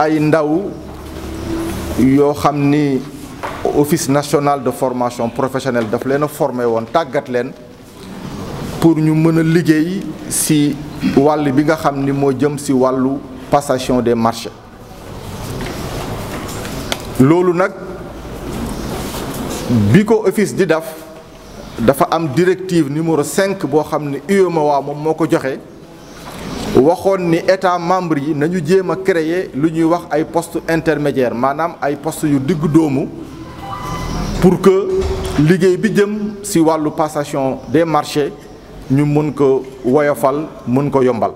ay ndaw yoo xam ni office nationale de formation professionnelle daf leen a woon tàggat leen pour ñu mën a liggéey ci wàll bi nga xam ni moo jëm ci wàllu passation des marché loolu nag bi ko office di def dafa am directive numéro 5 boo xam ne waa moom moo ko joxe waxoon ni état membre yi nañu jéem a créer lu ñuy wax ay poste intermédiaire maanaam ay poste yu diggu doomu pour que liggéey bi jëm ci wàllu passation des marchés ñu mën ko woyofal mën ko yombal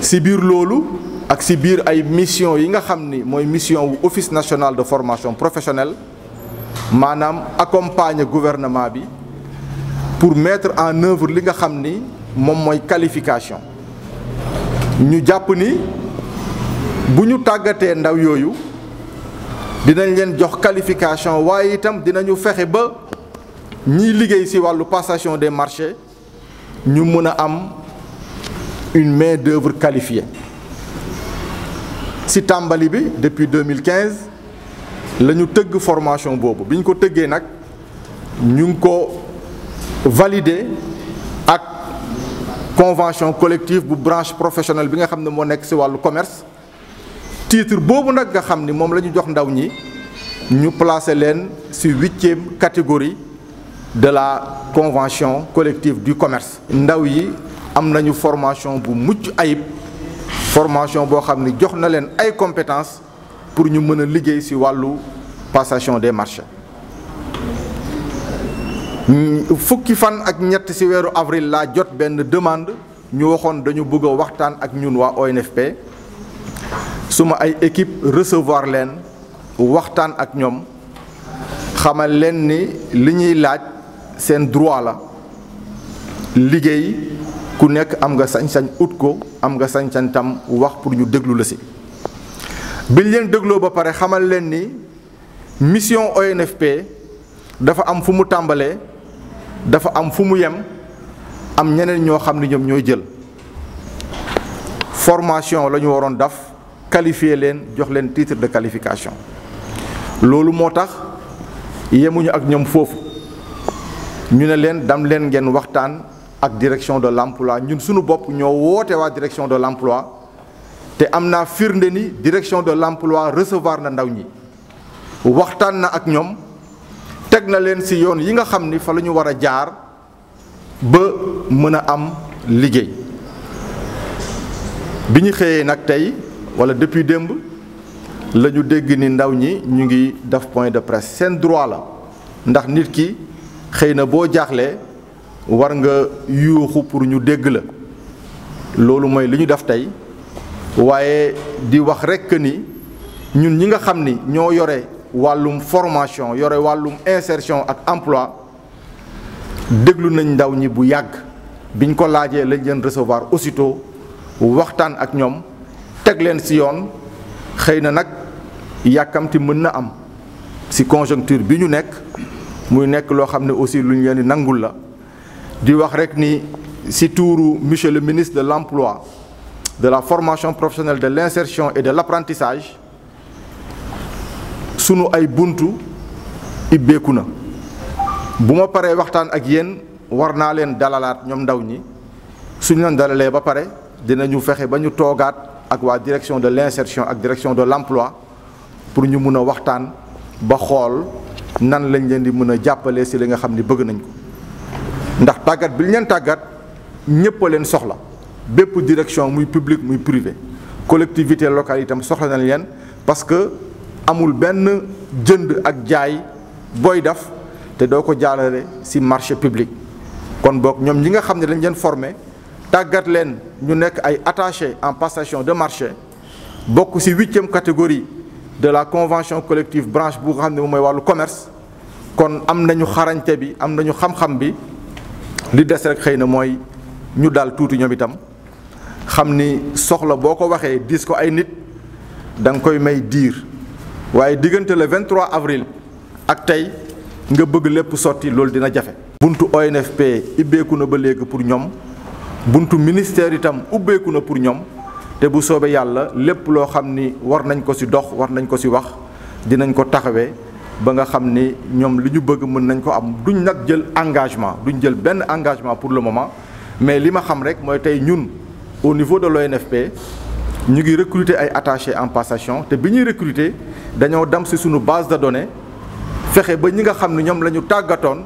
ci biir loolu ak ci biir ay mission yi nga xam ni mooy mission wu office national de formation professionnelle maanaam accompagner gouvernement bi pour mettre en œuvre li nga xam ni moom mooy qualification ñu jàpp ni bu ñu tàggatee ndaw yooyu dinañ leen jox qualification waaye itam dinañu fexe ba ñiy liggéey ci wàllu passation des marchés ñu mën a am une main d'œuvre qualifiée ci tàmbali bi depuis 2015 la ñu tëgg formation boobu bi ñu ko tëggee nag ñu ngi ko valider. convention collective bu branche professionnelle bi nga xam ne moo nekk ci wàllu commerce titre boobu nag nga xam ni moom la ñu jox ndaw ñi ñu placer leen ci huitième catégorie de la convention collective du commerce. ndaw yi am nañu formation bu mucc ayib formation boo xam ni jox na leen ay compétence pour ñu mën a liggéey ci wàllu passation des marchés. fukki fan ak ñett ci weeru avril laa jot benn demande ñu waxoon dañu bëgg waxtaan ak ñun waa ONFP suma ay équipe resevoir leen waxtaan ak ñoom xamal leen ni li ñuy laaj seen droit la liggéey ku nekk am nga sañ-sañ ko am nga sañ tam wax pour ñu déglu la si biñ leen dégloo ba pare xamal leen ni mission ONFP dafa am fu mu tàmbalee dafa am fu mu yem am ñeneen ñoo xam ne ñoom ñooy jël formation la ñu waroon daf qualifier leen jox leen tiitre de qualification loolu moo tax yemuñu ak ñoom foofu ñu ne leen dam leen ngeen waxtaan ak direction de l'emploi ñun suñu bopp ñoo woote waa direction de l'emploi te am naa firnde ni direction de l'emploi recevoir na ndaw ñi waxtaan na ak ñoom teg na leen ci yoon yi nga xam ni fa la ñu war a jaar ba mën a am liggéey bi ñu xëyee nag tey walla depuis démb lañu dégg ni ndaw ñi ñu ngi def point de presse seen droit la ndax nit ki xëy na boo jaaxlee war nga yuuxu pour ñu dégg la loolu mooy li ñu def tey waaye di wax rekk ni ñun ñi nga xam ni ñoo yore wàllum formation yore wàllum insertion ak emploi déglu nañ ndaw ñi bu yàgg biñ ko laajee lañ leen recevoir aussitôt waxtaan ak ñoom teg leen ci yoon xëy na nag yàkkamti mën na am ci conjoncture bi ñu nekk muy nekk loo xam ne aussi lu ñu leen di nangul la di wax rekk ni ci tuuru monsieur le ministre de l'emploi de la formation professionnelle de l'insertion et de l'apprentissage sunu ay buntu ibbeeku na bu ma paree waxtaan ak yéen war naa leen dalalaat ñoom ndaw ñi suñu leen dalalee ba pare dina ñu fexe ba ñu toogaat ak waa direction de l'insertion ak direction de l'emploi pour ñu mun a waxtaan ba xool nan lañ leen di mën a jàppale si li nga xam ni bëgg nañ ko ndax tàggat bi leen tàggat ñépp leen soxla bépp direction muy public muy privé collectivité locale itam soxla na leen parce amul benn jënd ak jaay booy def te doo ko jaalale ci marché public kon book ñoom ñi nga xam ne dañ leen formé tàggat leen ñu nekk ay attaché en passation de marché bokk ci huitième catégorie de la convention collective branche bu nga xam ne moom mooy wàllu commerce kon am nañu xarañte bi am nañu xam-xam bi li des rek xëy na mooy ñu daal tuuti ñoom itam xam ni soxla boo ko waxee diis ko ay nit da nga koy may diir waaye diggante la 23 avril ak tey nga bëgg lépp sotti loolu dina jafe. buntu ONFP ibbeeku na ba léegi pour ñoom buntu ministère itam ubbeeku na pour ñoom te bu soobee yàlla lépp loo xam ni war nañ ko ci dox war nañ ko ci wax dinañ ko taxawee ba nga xam ni ñoom li ñu bëgg mën nañ ko am duñ nag jël engagement duñ jël benn engagement pour le moment mais li ma xam rek mooy tey ñun au niveau de l'ONFP ñu ngi recruter ay attachés en passation te bi ñuy recruter. dañoo dem si suñu base de données fexe ba ñi nga xam ne ñoom la ñu tàggatoon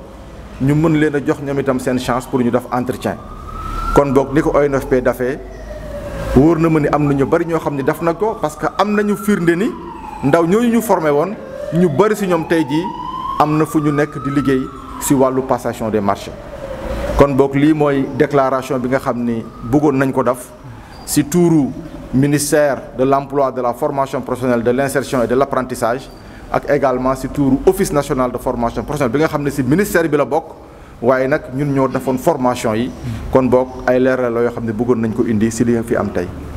ñu mën leen a jox ñoom itam seen chance pour ñu def entretien kon boog ni ko oy ONFP dafee wóor na ma ni am na ñu bari ñoo xam ne def na ko parce que am nañu firnde ni ndaw ñooñu ñu formé woon ñu bari si ñoom tey jii am na fu ñu nekk di liggéey si wàllu passation des marché kon boog lii mooy déclaration bi nga xam ni bëggoon nañ ko def si tuuru. ministère de l'emploi de la formation professionnelle de l'insertion et de l'apprentissage ak également ci tuuru office national de formation professionnelle bi nga xam ne ci ministère bi la bokk waaye nag ñun ñoo defoon formation yi kon bokk ay leeral la yoo xam ne bëggoon nañ ko indi ci li fi am tey